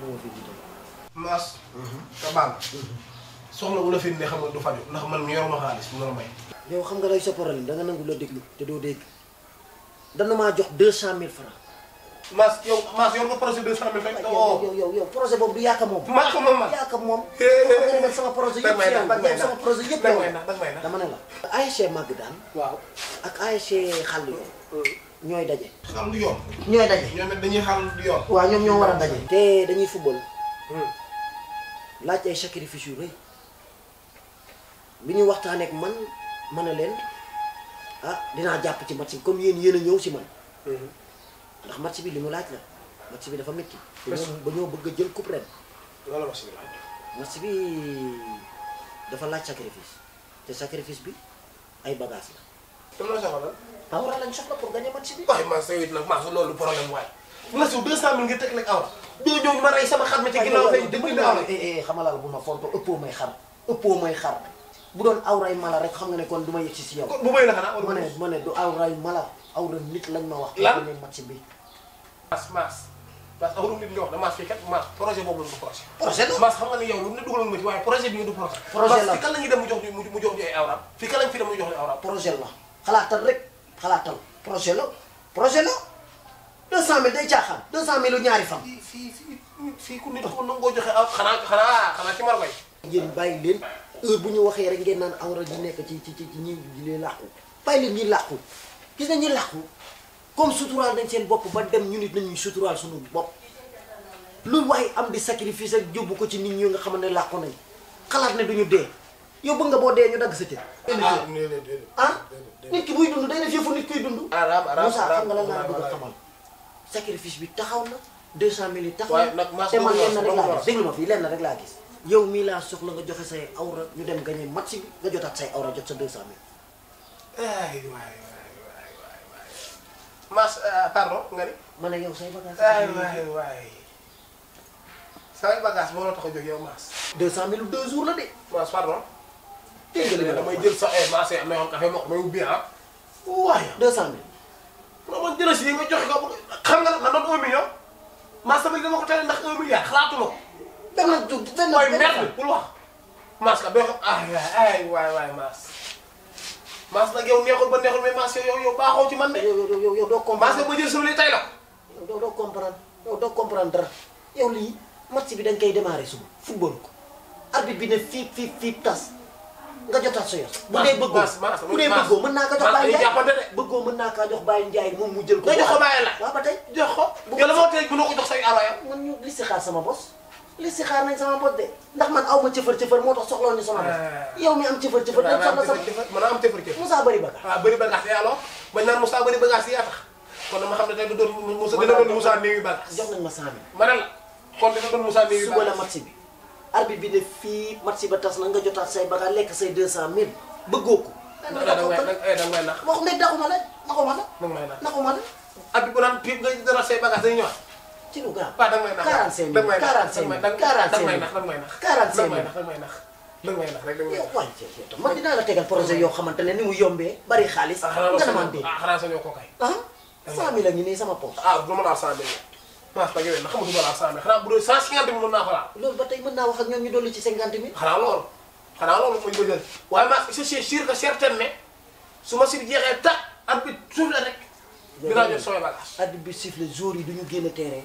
moo ma fi jiite. maas. ka baal. soxla wu la fi ne xam nga du faju ndax man mi yor ma xaalis yow xam nga lay sa problème da nga nangu la déglu te doo dégg dana maa jox deux cent mille francs Mass yow Mass projet 200 000 rek. yow yow yow projet boobu du yaaka moom. maa ko moom yaaka moom. sama projet yëpp si yow moom sama projet yëpp yow. dama ne la. ASC Magdane. waaw ak ASC xàll yooyu. ñooy daje. xam du yoon. ñooy daje. ñoom it dañuy xam du yoon. waaw ñoom ñoo war a daje. te dañuy football. laaj ay sacrifice yu rëy. bi ñu waxtaanee ak man mën a leen ah dinaa jàpp ci match bi comme yéen yéen a ñëw si man. ndax match bi li mu laaj la match bi dafa métti. pression ba ñoo bëgg a jël coupe ren. loolu la match bi laaj. match bi dafa laaj sacrifice te sacrifice bi ay bagages la. dama la soxla. Pawra lañ soxla pour gagner match bi. waaye man sa yooyu nag maa sa loolu problème waaye. ma su 200000 nga teg nag awra. doo ñëw ma rey sama xam xar ma ci ginnaaw. dëgg la dëgg la xamalaal bu ma fonto ëppoo may xar ëppoo may xar. budon awray mala rek xam nga ne kon duma yex ci ci yow. bu may la xana ma ne ma ne du awray mala awra nit lañ ma wax. lan ne match bi. mas mas parce awru nit ñu wax dama fi kat mas projet bobu lu ko projet. projet mas xam nga ne yow lu ne dugaloon ma ci waye projet bi ñu du projet. projet la fi kan la dem mu jox mu jox ñu ay awra fi kan lañ fi dem mu jox ñu awra projet la xalaatal rek xalaatal projet la projet la 200000 day jaxal 200000 lu ñaari fam fi fi fi ku nit ko nangoo joxe xana xana xana ci mar bay ngeen bàyyi leen. heure bu ñu waxee rek ngeen naan awra ji nekk ci ci ci ñi ñuy làqu bàyyi leen ñi làqu gis nañ ñi làqu comme suturaal nañ seen bopp ba dem ñu nit nañuy suturaal suñu bopp lu waaye am di sacrifice ak yóbbu ko ci nit ñi nga xam ne làqu nañ xalaat ne duñu dee yow bëgg nga boo dee ñu dagg sa cër. ah, ah? nit ki buy dund day def yëfu nit kuy dund. arabe arabe Moussa xam nga lan laa bëgg a xamal sacrifice bi taxaw na 200000 yi taxaw na. waaye nag maa ngi leen lenn rek laa gis yow mii laa soxla nga joxe say awra ñu dem gagné match bi nga jotaat say awra jot sa 200000. ay waay waay waay euh, yow say bagage. ay waay waay. la tax a jóg yow mas. 200000 lu 2 jours la de. mas pardon. dégg damay jël sa ay eh, mas yi am na yoon café moo may ubbi ah. waaye 200000. non man jëloon si yi joxe ko xam nga na man doon 1 million. mas tamit dama ko tere ndax 1 milliard xalaatuma ko. dama jug dana merde bul wax maas ah ya, eh, waay maas mas, mas lagi neexul aku bener mais maas yow yo yo ci man de yo yo yo doo comprendre maas nga ba jël sama tay la yow doo doo comprendre yow doo comprendre dara yow lii match bi dañ koy démarrer football ko bine fit fit fit tas enggak jatuh sa yor bu dee bëggoo bu dee bëggoo mën naa ko jox Baye Ndiaye bëggoo mën naa kaa jox Baye Ndiaye moom mu jël ko nga jox ko kok. la mau ba ya, ya. sama bos li nañ sama bot de ndax man aw cëfër cëfër moo tax soxla ni sama bés. Ah. yow mi am cëfër cëfër. waaw waaw bagaas. Ah, waaw naan la kon dina doon Moussa néewi bagaas suba la match bi. arbitre bi ba tas na nga jotaat say bagaas lekk say 200000 eh, da ci lu gaaw. waaw da nga may nax 45 mille 45 mille 45 mille da nga may nax da nga may nax da nga may nax da nga may nax rek da nga may nax. waaw waaw man dinaa la tegal projet yoo xamante ne ni mu yombee bari xaalis. nga demaan dee ah xanaa soñoo ah, ko kay. ah 100000 la ngi nii sama poche. ah du ma la 100000. maa fa yowee na xam nga du ma la 100000 xanaa bu doon 150 mille mën naa ko laal. loolu ba tey mën naa wax ak ñoom ñu dolli ci 50 mille. xanaa loolu xanaa loolu mooy bëgg a. waaye maa c'est sûr que certain ne su ma si jeexee tax at bi suuf la rek. dinaa jot sama bagage at bi siffle jour yi duñu génn terrain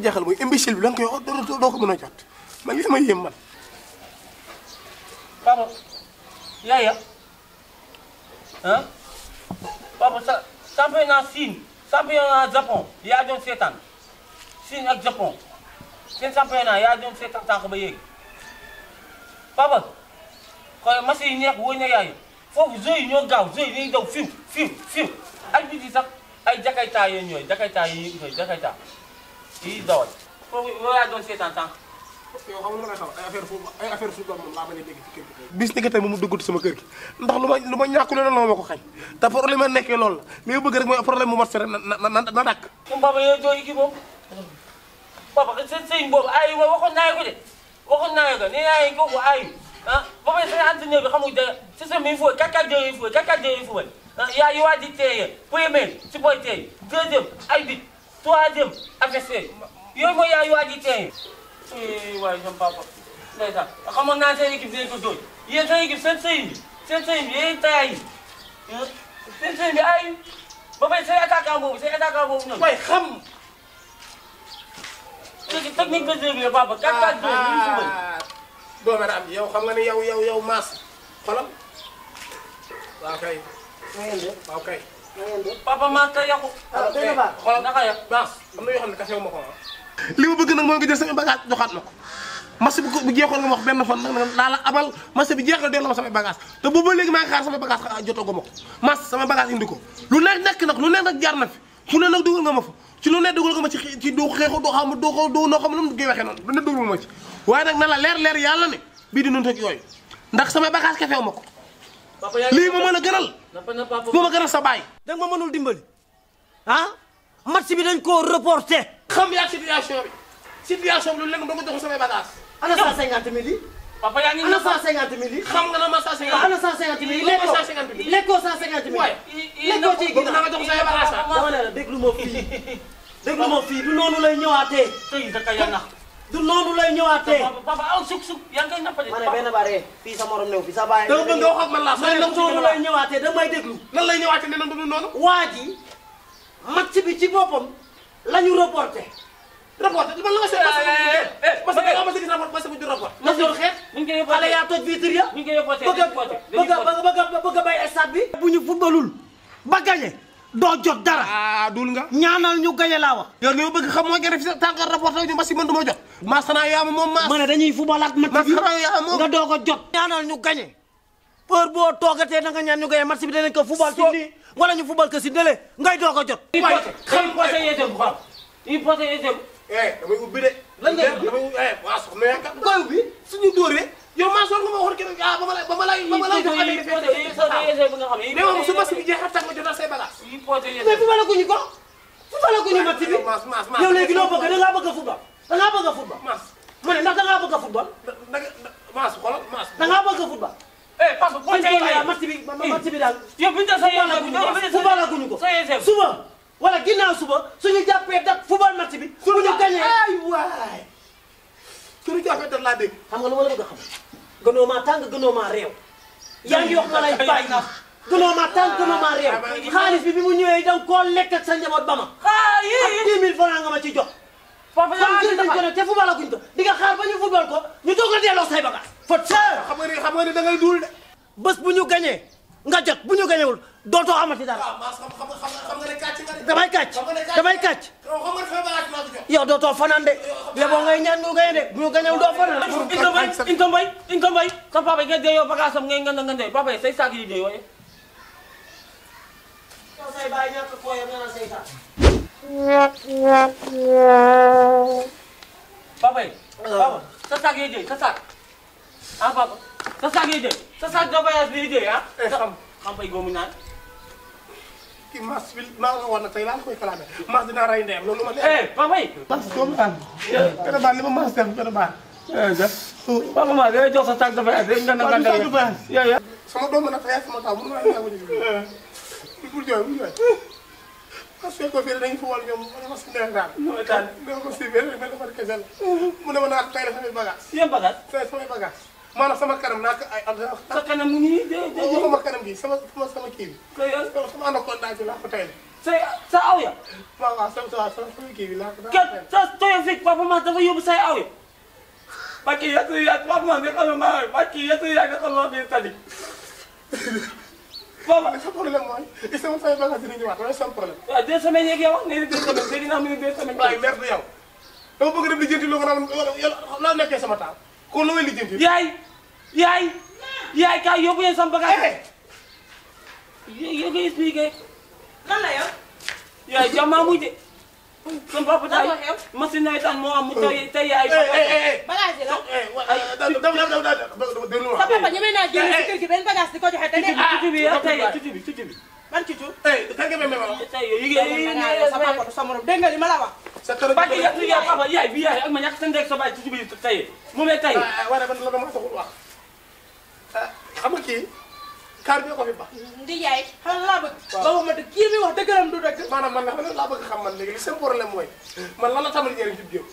ma jaaxal mooy imbécile bi da nga koy wax doo ko mën a jot man li ma yéem man. papa yaaya ah papa sa championnat Chine championnat Japon yaa doon seetaan Chine ak Japon seen championnat yaa doon seetaan tànk ba yéeg papa kon match yi neex wóor na yaaya foofu joueurs yi gaaw joueurs yi dañuy daw fiw fiw fiw ak bi di sax ay jakaytaa yooyu ñooy jakaytaa yi ñooy kii dawal. foofu yow yaa doon seetaan sànq. yow ay affaire fu ay moom laa mën a dégg ci kër gi. bis ni tey moom mu duggut sama kër gi ndax lu ma lu ma ñàkkul ne la ma ko xañ te problème ma nekkee loolu la li ma bëgg rek mooy problème mu mat si na na na na dàkk. moom papa yow jooy kii boobu papa sëñ sëñ boobu ay waxoon naa ko de waxoon naa ko nee naa kooku ay ah ba pare sa entraîneur bi xamul dara système bi il faut 4 4 di troisième APC yooyu mooy yaay waa ji tey eh, waaye sama papa ndeysaan xamoon naa seen équipe dañ ko dóor yéen seen équipe seen sëyin bi seen sëyin bi yéen tayaa yi eh, seen sëyin bi ay ba bay seen attaquant boobu seen attaquant boobu noonu waaye xam technique de jeu bi la papa quatre quatre deux ñu si bëri ah, doomu am yow xam nga ne yow yow yow maas xolam waaw kay waaw kay papa maa ngi koy yàqu. ah dëgg la xoolal naka yàqu blanche ma ko ah. li ma bëgg nag mooy nga jël samay bagage joxaat ma ko bu jeexoon nga ma wax benn fan nag naa la abal marché bi jeexal delloo ma samay bagage te boobu ba léegi maa ngi xaar samay bagage ah jotagoo ma ko marché samay bagage indi ko lu nekk nekk nag lu nekk nag jaar na fi fu ne nag dugal nga ma fa ci lu ne dugal nga ma ci ci doo xeexu doo xam doo xaw doo noo xam lu noonu lu ne dugal ma ci waaye nag na a leer leer yàlla ne bii di nuntak yooyu ndax samay bagage ma ko lii ma mën a bu ma gën a sa baay. da nga ma mënul dimbali ah match bi dañ koo reporté. xam yaa situation bi situation bi lu léegi ba nga jox samay bagages. ana 150 mille yi. papa yaa ngi ana 150 mille yi. xam nga ne ma 150 mille. ana 150 mille yi lekkoo 150 mille. lekkoo 150 mille. waay lekkoo ci ginnaaw na nga jox samay bagages ah. dama ne la déglu ma fii déglu ma fii du noonu lay ñëwaatee. tey da ka yàlla dulu nggak? Nyanal ñëwaatee papa aw suk suk ya ini bagaimana ah, kamu a revisi tangkar raportnya ini masih footballul ba ah masana ya mo mas mané dañuy football ak match bi masana yaa moom nga doo jot ñaanal ñu gagné peur bo togaté da nga ñaan ñu gagné match bi dañ ko football ci nii wala ñu football ke ci ndële ngay doo jot xam ko yéte bu xam yi poté yéte eh damay ubbi de lan eh, eh, nga apa? eh wa sax yaa kat koy ubbi suñu dóoree ya. yo ma apa? nga ma xor keneen ah bama lay bama lay bama lay jox affaire yi sa yeese bi nga xam yi apa? su match bi jeexat tak ma jotal say bagage yi poté apa? mais football ko ñu ko football ko ñu match bi yow apa? lo bëgg da nga bëgg football da ngaa bëgg a football. Mass ma ne ndax da ngaa bëgg a football. da nga Mass xoolal Mass. da ngaa bëgg a football. eh Pape boo tey ay match bi match bi daal. Eh, yow bu ñu doon footballaguñu ko suba wala ginnaaw suba suñu jàppee date football match bi. suñu gagné ay waay. suñu jàppee date laa dégg. xam nga lu ma la bëgg a xam gënoo maa tàng gënoo maa réew. yaa ngi wax ma lay bàyyi gënoo maa tàng gënoo maa réew. xaalis bi bi mu ñëwee daw koo lekk ak sa njaboot ba ma. xaalis ak 10 000 francs nga ma ci jox foofu la la a gën a te football guñ ko di nga xaar ba ñu football ko ñu doog a delloo say bagage. fa teel xam nga ni xam nga da ngay duul de. bés bu ñu gañee nga jot bu ñu gañewul dootoo amati dara. waaw maa xam xam nga ne kàcc nga de. damay kàcc damay kàcc. yow xam nga dafa baax maa ko jox. yow de. yow ngay ñaan ñu gañe de bu ñu gañewul doo fanaan. Inta Mbaye Inta Mbaye sa papa nga dee yow bagage am ngay ngënd ngëndee papa say saak yi dee yooyu. yow say bàyyi ñàkk fooyam nga Bapak, sesak ide, sesak. Apa? Sesak ide, sesak coba ya ide ya. Eh, Sampai gue minat. ki mas bi maa nga war na mas dinaa rey ndeyam loolu ma neex. mas doomu aan. kene baan mas def kene baan. ba mas yow jox sa tànk fa yàgg nga nag nga yow ya. sama doom na fa yàgg parce que ko fii dañu fa wol ñoom ma ne ma si neex daal. mooy daal dama ko suivre rek ma defar kese la. mu ne ma naa tey la samay bagage. seen bagage. tey samay bagage maanaam sama kanam naa ko ay. sa kanam mu ngi nii de waxuma kanam bi sama sama kii bi. sama sama àndakoon naa ci laa ko tey la. sa sa aw ya. waaw waaw sama sama sama kii bi laa ko. kenn sa tooyoo fekk papa ma dafa yóbbu say aw ya. parce que yàgg na yàgg papa ma nga xam ne maa ngi parce que yàgg na yàgg nga xam ne maa ngi tali. boobu nag sa problème mooy is sama sama bagage dina ñëwaat waaye sama problème. waaw deux semaines yeeg yow nee na deux semaines léegi naa mu ne deux semaines. waaye mer du yow dama bëgg dem lijjanti lu ko naan loo nekkee sama taal ko lu may lijjanti. yaay yaay yaay kaay yóbbu leen sama bagage. Eh! yéen yéen koy expliqué. lan la yow. yaay jàmm maa mujj. sama papa tay machine nay tan moo am mu tay tay ay eh, eh, bagage eh, la ay sa papa ñeme naa jël ci kër gi benn bagage di ko joxe tane tutu bi tay ah, tutu bi tutu bi man tutu ay ka ngebe me wala tay yi sa papa du sa morom dégg nga li ma la wax sa kër ba ya tu ya papa yaay bi yaay ak ma ñak sa ndek sa baay tutu bi tay mu me tay ah, ah, wara ban la ma taxul wax xam nga kii kaar bi ko fi ba ndi yaay xam laa bëgg ba ma ma dëgg kii bi wax dëggaram du dëgg maanaam man nga xam laa bëgg xam man léegi li seen problème mooy man lan la tamal jëriñ cib jëw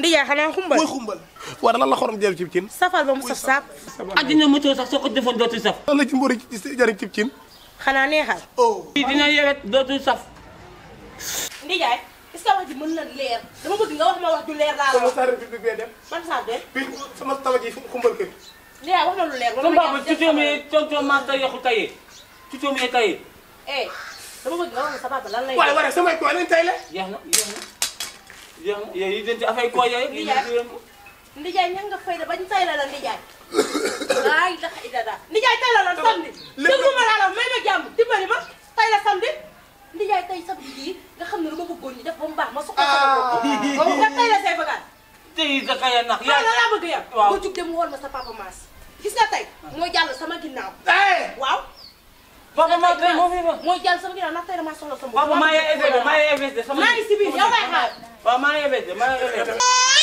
ndi yaay xanaa xumbal mooy xumbal waaye lan la xorom jëriñ cib cin safal ba mu saf saaf addina moto sax soo ko defoon dootul saf lan la ci mbori jëriñ cib cin xanaa neexal oh. i dina yewet dootul saf ndi yaay est-ce que wax ji mën na leer dama bëgg nga wax ma wax ju leer laa la sama sa république bee dem man saa dem bi sama tama ji xumbal kër li wax na lu leer wala ma ñaax seen xabaar eh dama bëgg nga wax sa papa lan lay. waaye wala samay koo lañ tey la. jeex na jeex na jeex na yow yi jënd affaire koo yooyu. Ndijaay Ndijaay ña nga fay da bañ tey la la Ndijaay. ay ndax Idada Ndijaay tey la la samedi. lépp ma laa la may ma jàmm dimbali ma tey la samedi. Ndijaay tey samedi bii nga xam ne lu ma bëggoon ñu def ba mu baax ma soxla sama bopp. ba mu ah. nga tey la say bagaas. tey da kay nax yaa la laa bëgg yam. waaw boo jug dem wool ma sa papa maas gis nga tey mooy jàll sama ginnaaw. Eh! waaw. papa maa tey moo fi ma. mooy jàll sama ginnaaw ndax tey damaa soxla sama. papa maa ngi investir maa ngi investir sama. maa ngi si biir yow lay xaar. waaw maa ngi investir maa ngi investir.